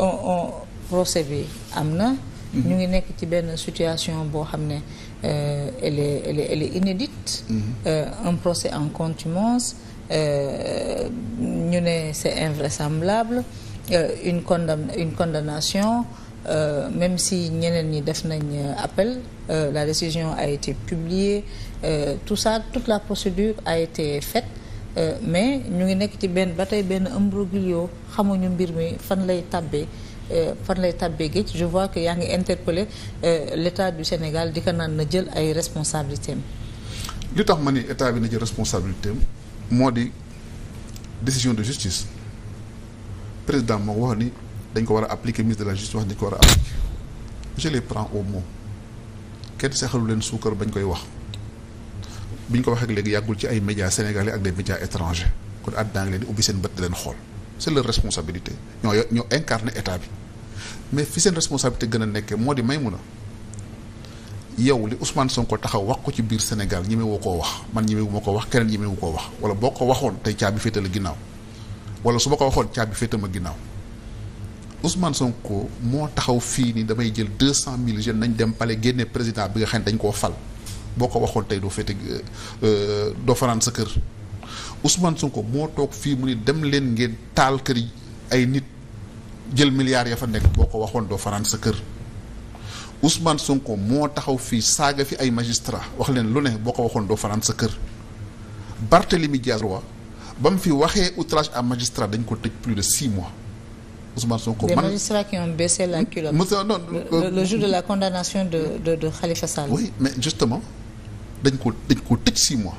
on on procès bi am na. Mhm. ñu ngi nekk ci benn situation boo xam ne euh, elle est elle est elle est inédite. Mhm. Euh, un procès en contumace euh, ñu ne c'est invraisemblable une condamn une condamnation même si ñeneen ñi def nañ appel la décision a été publiée tout ça toute la procédure a été faite. Euh, mais ñu ngi nekk ci benn ba tey benn imbroglio xamuñu mbir mi fan lay tàbbee euh, fan lay tàbbee géej je vois que yaa ngi interpellé euh, l'état du Sénégal di ko naan na jël ay responsabilités am li ma ni état bi na jël responsabilité am moo di décision de justice président moo wax ni dañ ko war a appliquer ministre de la justice wax dañ ko war a appliquer je les prends au mot kenn saxalu leen suukar bañ koy wax bi ñu ko waxee ak léegi yàggul ci ay médias sénégalais ak des médias étrangers kon àddina ngi leen di ubbi seen bët di leen xool c'est leur responsabilité ñoo ñoo incarné état bi mais fi seen responsabilité gën a nekkee moo di may mun a yow li Ousmane Sonko taxaw wax ko ci biir Sénégal ñeme woo koo wax man ñeme wu ko wax keneen ñeme wu koo wax wala boo ko waxoon tey caabi féetal a ginnaaw wala su ba ko waxoon caabi féetal ma ginnaaw Ousmane Sonko moo taxaw fii ni damay jël deux cent mille jeunes nañ dem pale génne président bi nga xam ne dañ koo fal boo ko waxoon tey doo fete euh, doo fanaan sa kër Ousmane Sonko moo toog fii mu ni dem leen ngeen taal kër ay nit jël milliards ya fa nekk boo ko waxoon doo fanaan sa kër Ousmane sunko moo taxaw fii saaga fi ay magistrat wax leen lu ne boo ko waxoon doo fanaan sa kër Barthélemy Dias ba mu fi waxee outrage à magistrat dañ ko tëj plus de six mois Ousmane Sonko man des magistrats qui ont la culotte. le, le, le jour justement. dañ ko dañ ko tëj six mois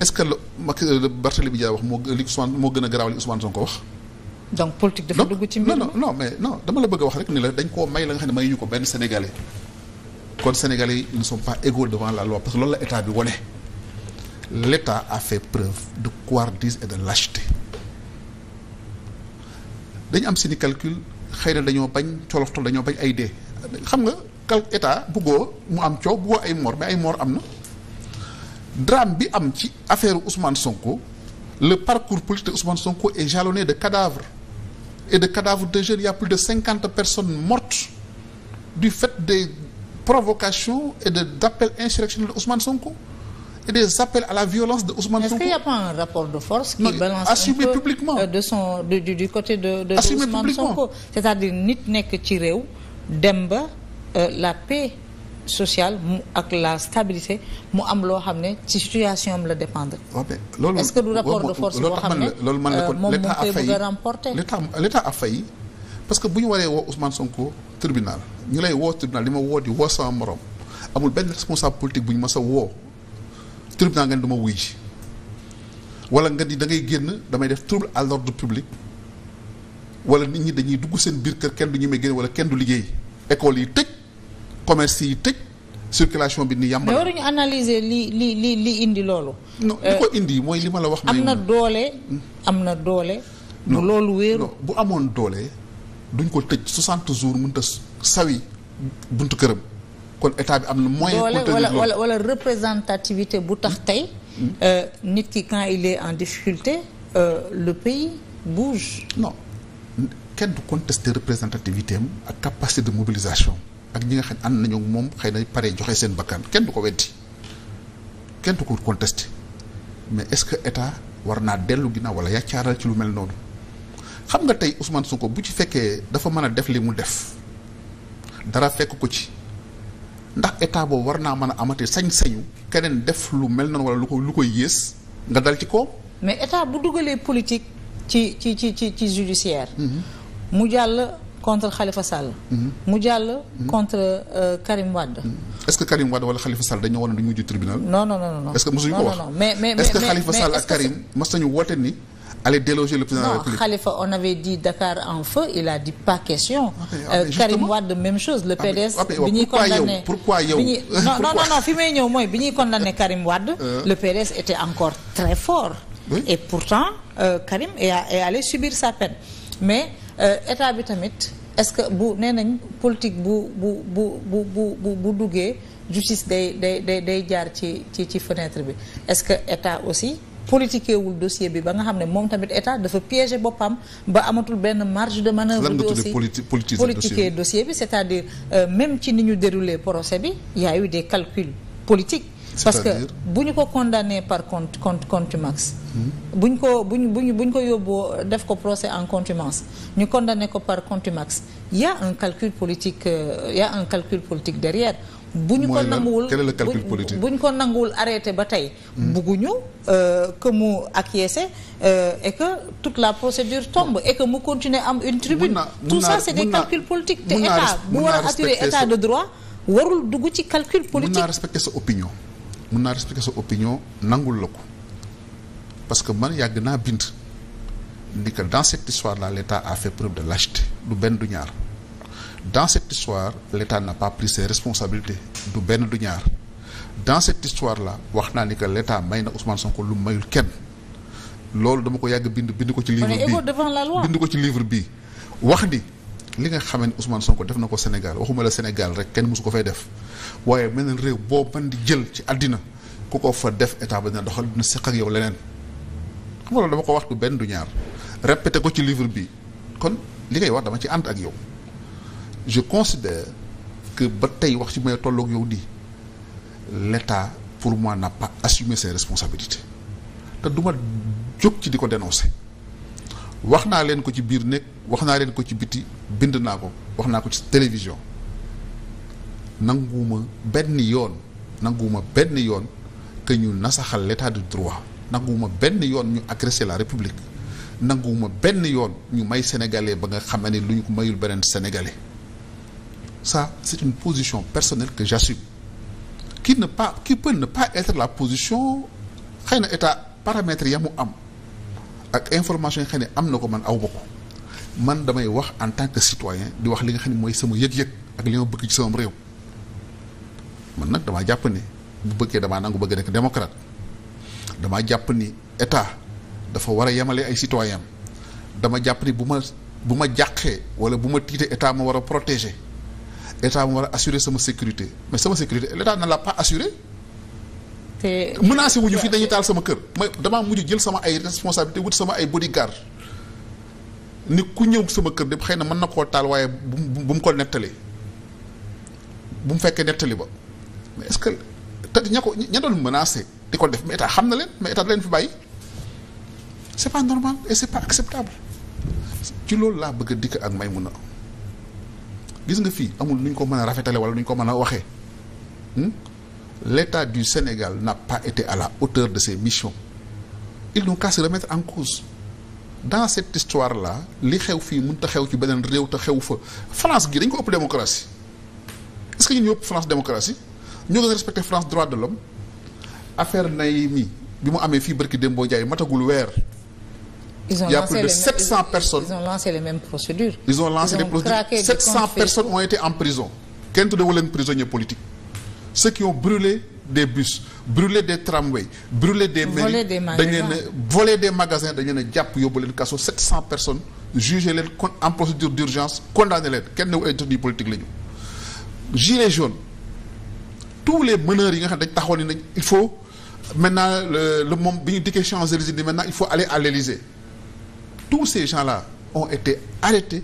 est-ce que la Barthélémy Dias wax moo li Ousmane moo gën a garaaw li Ousmane Sonko wax. donc politique dafa dugg ci mbir non non dama la bëgg a wax rek ni la dañ ko may la nga xam ne may ñu ko benn sénégalais. kon sénégalais yi ne sont pas égaux devant la loi parce que loolu la état bi wone l'état a fait preuve de couardise et de lâcheté dañu am seeni calcul xëy na dañoo bañ coloftal dañoo bañ ay dee xam nga cal état buggoo mu am coow buggoo ay mor mais ay mor am na. drame bi am ci affaire Ousmane Sonko le parcours politique de Ousmane Sonko est jalonné de cadavres et de cadavres de jeunes il y a plus de cinquante personnes mortes du fait des provocations et de d'appels insurrectionnels de Ousmane Sonko et des appels à la violence de Ousmane Sonko. Est-ce qu'il a pas un rapport de force qui non, balance assumé un publiquement. Euh, son c'est-à-dire nit nekk ci réew dem ba euh, la paix sociale mu ak la stabilité mu am loo xam ne ci situation am la dépendre. loolu est-ce du rapport de ne loolu man la euh, kon l'état a failli l'état a parce que bu ñu waree woo Ousmane Sonko tribunal ñu lay woo tribunal li ma woo di woo sama morom amul benn responsable politique bu ñu mës sa woo tribunal nga ne du ma wuy ji wala nga di da ngay génn damay def trouble à l'ordre public wala nit ñi dañuy dugg seen biir kër kenn du ñu may génn wala kenn du liggéey école yi tëj. commerce yi tëj circulation bi ni yàmb mais waruñu analyser li li li li indi loolu. non li euh, ko indi mooy li ma la wax. am na doole hmm. am na doole. bu loolu wéer bu amoon doole duñ ko tëj 60 jours mënut a sawi buntu këram. kon état bi am na moyen. wala wala wala représentativité bu tax hmm. tey. Hmm. Euh, nit ki quand il est en difficulté euh, le pays bouge. non kenn du contester représentativité am ak capacité de mobilisation. ak ñi nga xam ànd nañu moom xëy na pare joxe seen bakkan kenn du ko weddi kenn du ko contesté mais est-ce que état war naa dellu gi na wala yaccaaral ci lu mel noonu xam nga tey Ousmane Sonko bu ci fekkee dafa mën a def li mu def dara fekk ko ci ndax état boobu war naa mën a amati sañ-sañu keneen def lu mel noonu wala lu ko lu koy yées nga dal ci ko mais état bu dugalee politique ci ci ci ci ci judiciaire mm-hmm. mu jàll contre Khalifa Sall. Mhm. mu jàll contre euh, Karim Wade. Mhm. est ce que Karim Wade wala Khalifa Sall dañu woon du ñu mujj tribunal. non non non non est ce que mosuñu ko wax. mais mais mais est ce que Khalifa Sall ak Karim mos nañu woote ni. aller déloger le président de la République. Non, Khalifa, on avait dit Dakar en feu, il a dit pas question. Ah, ah euh, Karim Wade, même chose, le PDS. Ah, mais, ouais, ah, Karim Wade, euh. le PDS était encore très fort. Oui? Et pourtant, euh, Karim est, est subir sa peine. Mais Euh, état bi tamit est-ce que bu nee nañ politique bu bu bu bu bu bu duggee justice day day day day jaar ci ci ci fenêtre bi est-ce que état aussi politiqué wul dossier bi ba nga xam ne moom tamit état dafa piéger boppam ba amatul benn marge de manœuvre bi aussi politiqué dossier bi c'est-à-dire euh, même ci ni ñu déroulé procès bi yaayu a eu des calculs politiques parce que bu ñu ko condamné par conte compte contumace hmm? bu ñu ko bu ñu bu ñu bu ko yóbboo def ko procès en contumace ñu condamné ko par contumace y a un calcul politique euh, y a un calcul politique derrière bu ñu ko nanguwul bu ñu ko nanguwul arrêté ba tey hmm. bugguñu euh, que mu acquiescer euh, et que tout la procédure tombe et que mu continuer am une tribune tout ça c'est des calculs politiques te état bu war a assurer état de droit warul dugg ci calcul politique mun naa respecter sa opinion mun naa respecter sa opinion nangul la ko parce que man yàgg naa bind ni que dans cette histoire la l' état a fait preuve de lâcheté du benn du ñaar dans cette histoire l' n'a pas pris responsabilité du benn du ñaar dans cette histoire la wax naa ni que l' état may na Ousmane Sonko lu mayul kenn loolu dama ko yàgg bind bind ko ci livre bi bind ko ci livre bi wax ni li nga xamante Ousmane ko def na ko Sénégal waxuma la Sénégal rek kenn mosu ko fay def waaye meneen réew boo mën di jël ci àddina ku ko fa def état ba dina doxal dina seq ak yow leneen xam nga loolu dama ko wax du benn du ñaar répété ko ci livre bi kon li ngay wax dama ci ànd ak yow je considère que ba tey wax ci may tolloog yow di l'État pour mois n'a pas assumé ses responsabilités te duma jóg ci di ko dénoncer wax naa leen ko ci biir néeg wax naa leen ko ci biti bind naa ko wax naa ko ci télévision nanguma benn yoon nanguwuma benn yoon que ñu nasaxal l'état de droit nanguwuma benn yoon ñu agresser la république nanguwuma benn yoon ñu may sénégalais ba nga xam ne lu ñu ko mayul beneen sénégalais sa c'est une position personnelle que j'assume ki ne pas qui peut ne pas être la position xëy na état paramètres ya mu am ak information yi xam ne am na ko man aw ma ko man damay wax en tant que citoyen di wax li nga xam ne mooy sama yëg-yëg ak li ma bëgg ci sama réew man nag damaa jàpp ni bu bëggee damaa nangu bëgg nekk démocrate damaa jàpp ni état dafa war a yemale ay citoyen dama jàpp bu ma bu ma jàqee wala bu ma tiitee état ma war a protéger état ma war a assurer sama sécurité mais sama sécurité l'état ne l'a pas assurée te menacé wuñu fii dañuy taal sama kër ma damaa mujj jël sama ay responsabilité wut sama ay bodyguard ni ku ñëw sama kër de xëy na mën na koo taal waaye bu mu bu mu ko nettali bu mu fekkee nettali ba mais est-ce que te ña ko ña doon menacé di ko def mais état xam na leen mais état da leen fi bàyyi c'est pas normal et c'est pas acceptable ci loolu laa bëgg a dikk ak Maïmouna gis nga fii amul nu ñu ko mën a rafetale wala nu ñu ko mën a waxee. Hmm? l'État du Sénégal n'a pas été à la hauteur de ses missions ils n'ont qu'à se remettre en cause dans cette histoire la li xew fii mun ta xew ci beneen réew te xew fa France gi dañ ko ëpp démocratie est-ce que ñun ñëpp France démocratie ñoo gën a respecté France droit de l'homme affaire Naimi bi mu amee fii barki Dembo Ndiaye matagul weer. ils de 700 ils, personnes. ils ont les mêmes procédures. ils ont les procédures 700 personnes ont été en prison. kenn tuddee wu leen prisonnier ce qui ont brûlé des bus brûlé des tramways brûlé des mairies dañ leen volé des magasins dañ leen a jàpp yóbbu leen kaso 700 personnes jugé leen kon en procédure d'urgence condamné leen kenn newul ay détenus politique la ñu gilets jaunes tous les meneurs yi nga xam ne dañ taxaw ni nañ il faut maintenant le le moom bi ñu dikkee Champs-Élysées ni maintenant il faut aller à l'Élysée tous ces gens là ont été arrêtés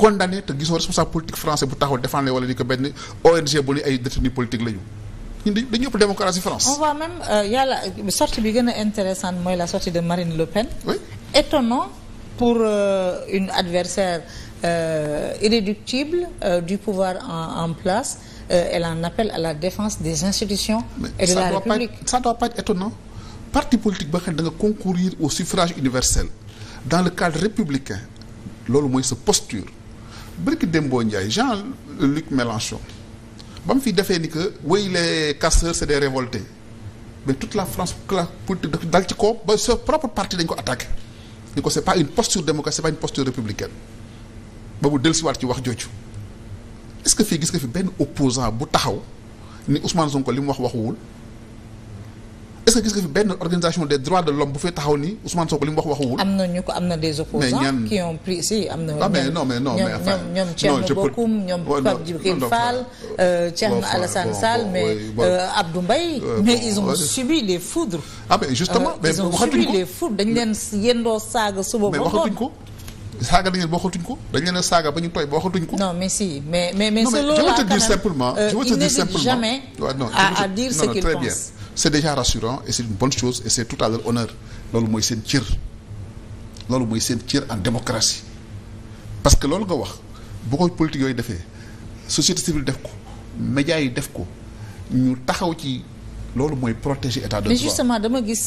condamné te gisoo responsable politique français bu taxaw défendre wala ni ko benn ONG bu ni ay détenus politique la ñu ñun dañu ëpp démocratie France. on voit même euh, sortie bi gën a intéressante mooy la sortie de Marine Le Pen. oui étonnant pour euh, une adversaire euh, irréductible euh, du pouvoir en en place et euh, en appelle à la défense des institutions. et de la République mais ça parti politique ba xam ne da nga concourir au suffrage universel dans le cadre républicain loolu mooy sa posture. bërki Dembo Ndiaye Jean-Luc Mélenchon ba mu fi defee ni que wéy les casseurs c'est des révoltés mais tout la France la pour dal ci ko ba sa propre parti dañ ko attaqué ni ko c'est pas une posture démocratique c'est pas une posture républicaine ba mu dellusiwaat ci wax jooju est-ce que fii gis nga fi benn opposant bu taxaw ni Ousmane ko li mu wax waxuwul est-ce que gis nga fi benn organisation des droits de l'homme bu fee taxaw ni Ousmane Sonko li mu wax waxuwul. am na ñu ko am na des opposants qui ont pris si am na. ah mais non mais non mais enfin mais ils ont subi les foudres. ah mais justement ko euh, ils ont subi les foudres dañu leen yendoo saaga suba ba ko. saaga dañu leen boo saaga ba ñu tooy boo xatuñ ko. non mais si mais mais mais. c'est loolu laa quand même je veux dire simplement. je veux te dire simplement. il n'hésite jamais dire c'est déjà rassurant et c'est une bonne chose et c'est tout à honneur loolu mooy seen cër loolu mooy seen cër en démocratie parce que loolu nga wax bu koy politique yooyu defee société civile def ko médias yi def ko ñu taxaw ci loolu mooy protéger état de droit mais dama gis